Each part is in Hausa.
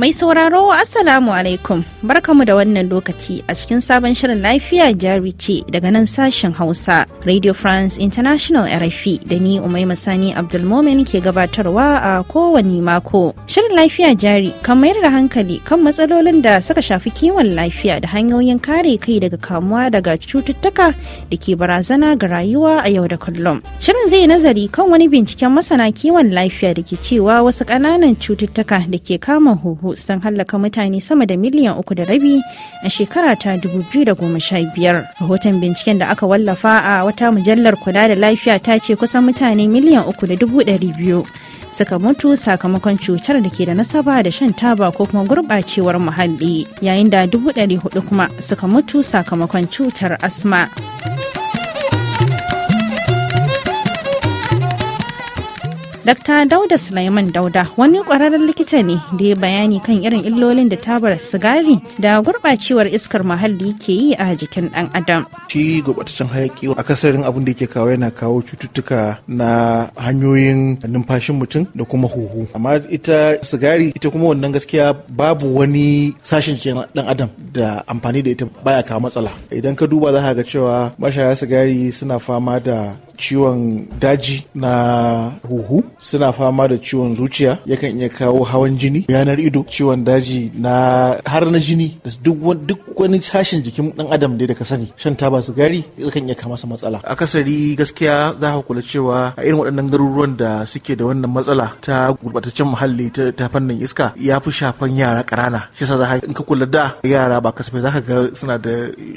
Mai sauraro Assalamu alaikum barkamu da wannan lokaci a cikin sabon shirin lafiya jari ce daga nan sashen Hausa Radio France International RFI da ni Umaima Sani Abdulmomin ke gabatarwa a kowane mako. Shirin lafiya jari kan mayar da hankali kan matsalolin da suka shafi kiwon lafiya da hanyoyin kare kai daga kamuwa daga cututtuka da ke barazana ga rayuwa a yau da kullum. Shirin zai nazari kan wani binciken masana kiwon lafiya da ke cewa wasu ƙananan cututtuka da ke kama huhu Netanyahu sun hallaka mutane sama da miliyan uku da rabi a shekara ta biyar Rahoton binciken da aka wallafa a wata mujallar kula da lafiya ta ce kusan mutane miliyan uku da dubu ɗari biyu suka mutu sakamakon cutar da ke da nasaba da shan taba ko kuma gurɓacewar muhalli yayin da dubu ɗari huɗu kuma suka mutu sakamakon cutar asma. Dr. Dauda Sulaiman Dauda wani kwararren likita ne da ya bayani kan irin illolin da tabar sigari da gurɓacewar iskar muhalli ke yi a jikin ɗan adam. Shi hayaƙi a kasarin abin da yake kawo yana kawo cututtuka na hanyoyin numfashin mutum da kuma huhu. Amma ita sigari ita kuma wannan gaskiya babu wani sashen jikin ɗan adam da amfani da ita baya kawo matsala. Idan ka duba za ka ga cewa mashaya sigari suna fama da ciwon daji na huhu suna fama da ciwon zuciya yakan iya kawo hawan jini yanar ido ciwon daji na har na jini da duk wani sashen jikin dan adam da ka sani shan taba sigari yakan iya kama matsala akasari gaskiya za ka kula cewa a irin waɗannan garuruwan da suke da wannan matsala ta gurbataccen muhalli ta fannin iska ya fi shafan yara ƙarana shi yasa za ka in ka kula da yara ba kasafai za ka ga suna da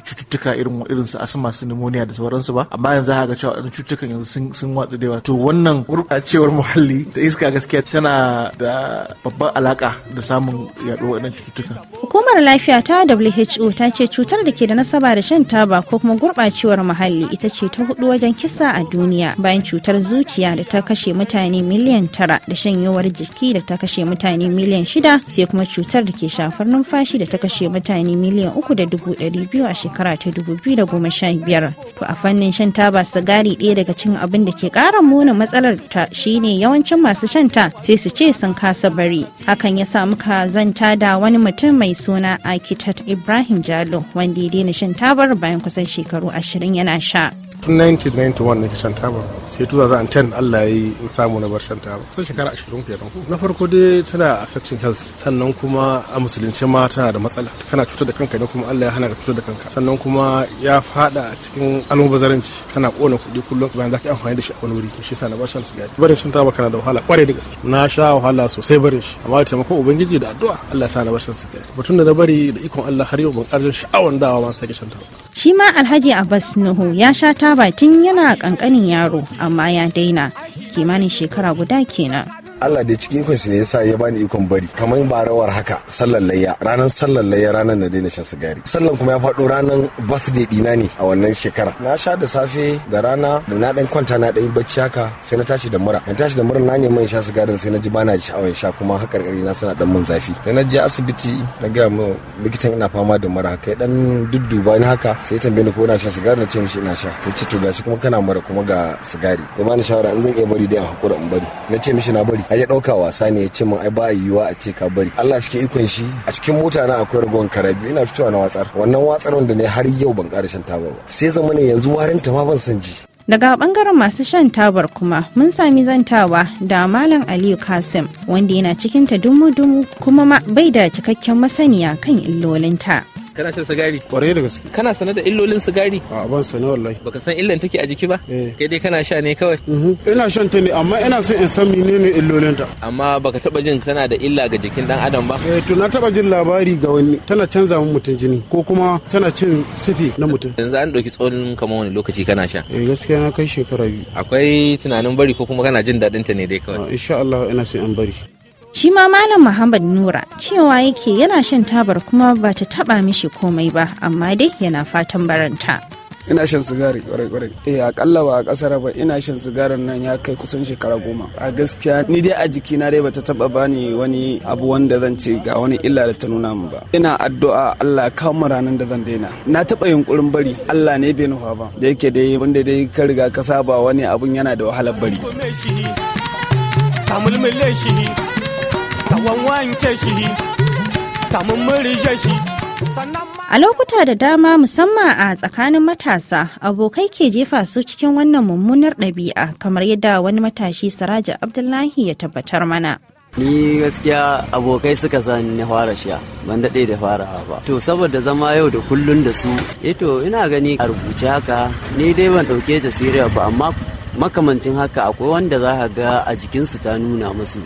cututtuka irin irin su asma su pneumonia da sauransu ba amma yanzu za ka ga cewa cututtuka cututtukan yanzu sun watsa da yawa to wannan gurɓacewar muhalli da iska gaskiya tana da babban alaka da samun yaɗuwar waɗannan cututtukan hukumar lafiya ta WHO ta ce cutar da ke da nasaba da shan taba ko kuma gurɓacewar muhalli ita ce ta hudu wajen kisa a duniya bayan cutar zuciya da ta kashe mutane miliyan tara da shanyewar jiki da ta kashe mutane miliyan shida sai kuma cutar da ke shafar numfashi da ta kashe mutane miliyan uku da dubu ɗari biyu a shekara ta dubu biyu da goma sha biyar to a fannin shan taba sigari ɗaya da daga cikin abin da ke ƙara muna matsalar ta shine yawancin masu shanta sai su ce sun kasa bari. Hakan ya samu ka zanta da wani mutum mai suna Akitat Ibrahim Jalo wanda ya daina shan tabar bayan kusan shekaru ashirin yana sha. tun 1991 nake shan taba sai 2010 Allah ya yi in samu na bar shan taba sun shekara 20 kenan na farko dai tana affecting health sannan kuma a musulunci ma tana da matsala kana cutar da kanka ne kuma Allah ya hana ka cutar da kanka sannan kuma ya fada a cikin almubazaranci kana kona kuɗi kullum bayan zaka amfani da shi a wani wuri shi sa na bar shan sigari barin shan taba kana da wahala kware da gaske na sha wahala sosai barin shi amma da taimakon ubangiji da addu'a Allah ya sa na bar shan sigari batun da na bari da ikon Allah har yau ban karjin sha'awan dawa ma sake shan taba shi ma Alhaji Abbas Nuhu ya sha taba bakin yana kankanin yaro amma ya daina kimanin shekara guda kenan Allah da cikin ikonsa ne yasa ya bani ikon bari kamar ba rawar haka sallar layya ranar sallar layya ranar na daina shan sigari sallan kuma ya faɗo ranar birthday dina ne a wannan shekara na sha da safe da rana da na dan kwanta na dan bacci haka sai na tashi da mura na tashi da mura na ne man sha sigarin sai na ji bana sha'awar sha kuma haka na sana dan mun zafi sai na je asibiti na ga mu likitan ina fama da mura kai dan dudduba ni haka sai tambaye ni ko ina sha sigari na ce mishi ina sha sai ce to gashi kuma kana mura kuma ga sigari ya bani shawara in zan iya bari dai a hakura in bari na ce mishi na bari a ya ɗauka wasa ne ya ce min ai ba a yiwuwa a ce ka bari Allah cikin ikon shi a cikin mota na akwai ragon karabi ina fitowa na watsar wannan watsar wanda ne har yau ban ƙara shan taba ba sai zama ne yanzu warin ta ma ban san ji daga bangaren masu shan tabar kuma mun sami zantawa da malam aliyu kasim wanda yana cikinta dumu-dumu kuma ma bai da cikakken masaniya kan illolinta kana shan sigari kwarai da gaske kana sanar da illolin sigari a ban sane wallahi baka san illan take a jiki ba eh. kai dai kana sha ne kawai mhm. ina shan ta ne amma ina son in san menene illolin ta amma baka taba jin tana da illa ga jikin dan adam ba eh to na taba jin labari ga wani tana canza mun mutum jini ko kuma tana cin sifi na mutum yanzu an dauki tsawon kamar wani lokaci kana sha eh gaskiya na kai shekara biyu akwai tunanin bari ko kuma kana jin dadin ta ne dai kawai ah, insha Allah ina son in bari shi ma malam muhammad nura cewa yake yana shan tabar kuma ba ta taba mishi komai ba amma dai yana fatan baranta ina shan sigari kwarai kwarai eh akalla ba a kasar ba ina shan sigarin nan ya kai kusan shekara goma a gaskiya ni dai a jiki na dai bata taba bani wani abu wanda zan ce ga wani illa da ta nuna min ba ina addu'a Allah kawo mu ranan da zan daina na taba yunkurin bari Allah ne bai nufa ba da yake dai wanda dai ka riga ka saba wani abun yana da wahalar bari A lokuta da dama musamman a tsakanin matasa abokai ke jefa su cikin wannan mummunar ɗabi'a kamar yadda wani matashi saraja Abdullahi ya tabbatar mana. ni gaskiya abokai suka san na fara sha ban daɗe da farawa ba to saboda zama yau da kullun da su eto eh ina gani a rubuce haka ni dai ban ɗauke ta siriya ba amma makamancin haka akwai wanda za ka ga a jikinsu ta nuna musu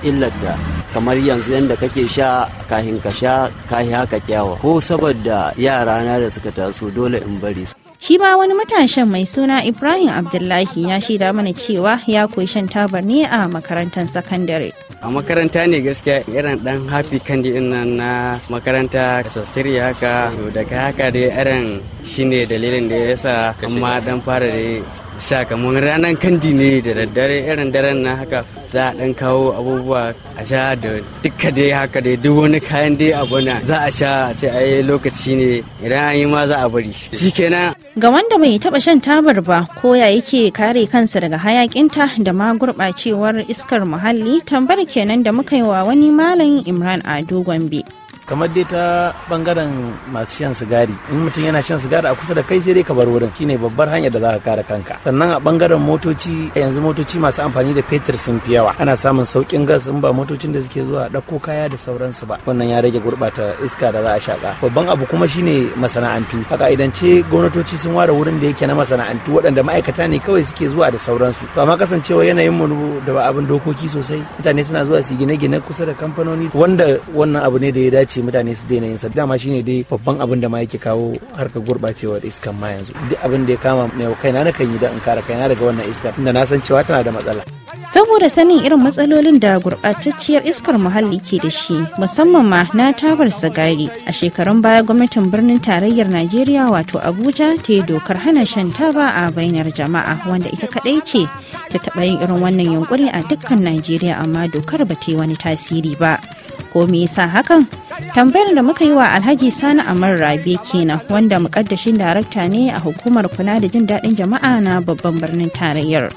illata kamar yanzu yadda kake sha kahin ka sha kahi haka kyawa ko saboda yara na da suka taso dole in bari shi ma wani matashin mai suna ibrahim abdullahi ya shaida mana cewa ya koyi shan tabar ne a makarantar sakandare a makaranta ne gaskiya irin dan hafi kandi nan na makaranta sastiri haka daga haka dai irin shine dalilin da ya sa amma dan fara dai sakamakon ranar kandi ne da daddare irin daren na haka za a dan kawo abubuwa a sha da duka dai haka dai duk wani kayan dai abuna za a sha a ce ai lokaci ne idan an yi ma za a bari shikenan ga wanda bai taba shan tabar ba ko ya yake kare kansa daga hayakinta da ma gurbacewar iskar muhalli tambar kenan da muka yi wa wani malam Imran Ado Gombe kamar dai ta bangaren masu shan sigari in mutum yana shan sigari a kusa da kai sai dai ka bar wurin shine babbar hanyar da za ka kare kanka sannan a bangaren motoci yanzu motoci masu amfani da fetur sun fi yawa ana samun saukin gas in ba motocin da suke zuwa ɗauko kaya da sauransu ba wannan ya rage gurɓata iska da za a shaka babban abu kuma shine masana'antu a ka'idance gwamnatoci sun ware wurin da yake na masana'antu waɗanda ma'aikata ne kawai suke zuwa da sauransu to amma kasancewa yanayin mu da abin dokoki sosai mutane suna zuwa su gine-gine kusa da kamfanoni wanda wannan abu ne da ya dace ce mutane su daina yin sa dama shine dai babban abin da ma yake kawo harkar gurbacewar iskan ma yanzu duk abin da ya kama mai kaina na kan yi da in kare kaina daga wannan iska tunda na san cewa tana da matsala saboda sanin irin matsalolin da gurɓatacciyar iskar muhalli ke da shi musamman ma na tabar sigari a shekarun baya gwamnatin birnin tarayyar najeriya wato abuja ta yi dokar hana shan taba a bainar jama'a wanda ita kaɗai ce ta taɓa yin irin wannan yunkuri a dukkan najeriya amma dokar ba ta yi wani tasiri ba ko me yasa hakan tambayar da muka yi wa alhaji sani amar rabe kenan wanda mukaddashin darakta ne a hukumar kula da jin daɗin jama'a na babban birnin tarayyar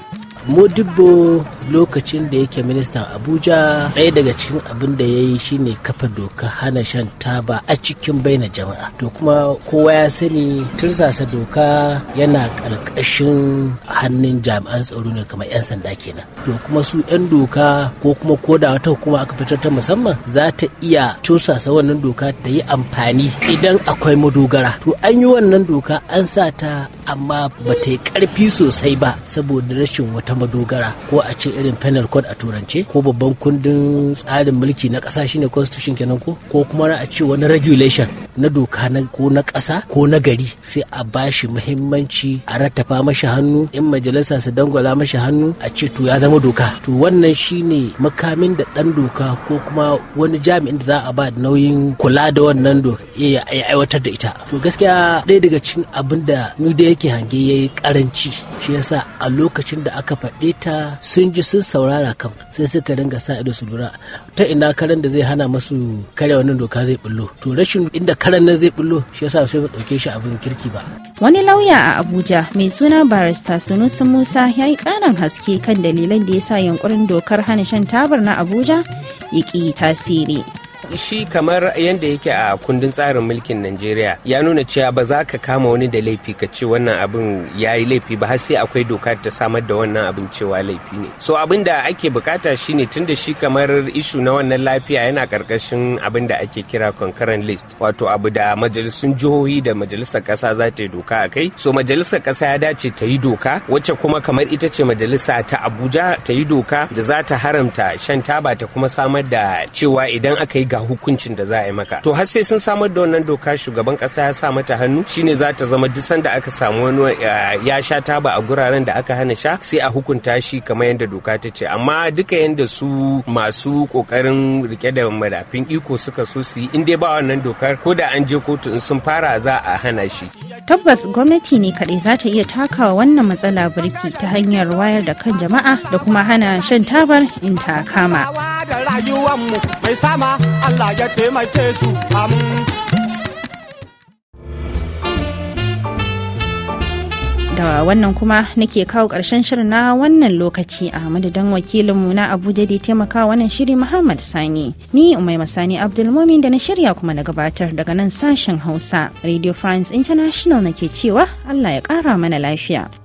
Modibo lokacin da yake ministan Abuja ɗaya daga cikin abin da ya yi shine kafa doka hana shan taba a cikin baina jama'a. To kuma kowa ya sani tursasa doka yana ƙarƙashin hannun jami'an tsaro ne kamar 'yan sanda kenan. To kuma su 'yan doka ko kuma koda wata hukuma aka fitar ta musamman za ta iya tursasa wannan doka ta yi amfani idan akwai madogara. To an yi wannan doka an sa ta amma ba ta yi karfi sosai ba saboda rashin wata madogara ko a ce irin penal code a turance ko babban kundin tsarin mulki na kasa shine constitution kenan ko ko kuma a ce wani regulation na doka na ko na ƙasa ko na gari sai a bashi muhimmanci a rattafa mashi hannu in majalisa su dangwala mashi hannu a ce to ya zama doka to wannan shine makamin da dan doka ko kuma wani jami'in da za a ba nauyin kula da wannan doka ya aiwatar da ita to gaskiya ɗaya daga cikin abin da mu da ake hange ya yi karanci shi yasa a lokacin da aka faɗe ta sun ji sun saurara kam sai suka dinga sa ido su lura ta ina karen da zai hana masu karya wannan doka zai bullo to rashin inda karen nan zai bullo shi yasa sai ba ɗauke shi abin kirki ba wani lauya a abuja mai suna barista sunusa musa ya yi ƙarin haske kan dalilan da ya sa yunkurin dokar hana shan tabar na abuja ya ƙi tasiri shi kamar yadda yake a kundin tsarin mulkin najeriya ya nuna cewa ba za ka kama wani da laifi ka ce wannan abin ya yi laifi ba har sai akwai doka ta samar da wannan abin cewa laifi ne so abin da ake bukata shine tun da shi kamar ishu na wannan lafiya yana karkashin abin da ake kira concurrent list wato abu da majalisun jihohi da majalisar kasa za ta yi doka a kai so majalisar kasa ya dace ta yi doka wacce kuma kamar ita ce majalisa ta abuja ta yi doka da za ta haramta shan taba ta kuma samar da cewa idan aka yi ga hukuncin da za a yi maka to har sai sun samar da wannan doka shugaban kasa ya sa mata hannu shine za ta zama duk sanda aka samu wani eh, ya sha taba a guraren da aka hana sha sai a hukunta shi kamar yadda doka ta ce amma duka yadda su masu kokarin rike da madafin iko suka so su yi in dai ba wannan dokar ko da an je kotu in sun fara za a hana shi. tabbas gwamnati ne kaɗai za ta iya takawa wannan matsala birki ta hanyar wayar da kan jama'a da kuma hana shan tabar in ta kama. da wannan kuma nake kawo ƙarshen shirin na wannan lokaci a madadin wakilinmu na abuja da taimaka wannan shiri muhammad sani ni umaima sani abdulmumin da na shirya kuma na gabatar daga nan sashen hausa radio france international nake cewa allah ya kara mana lafiya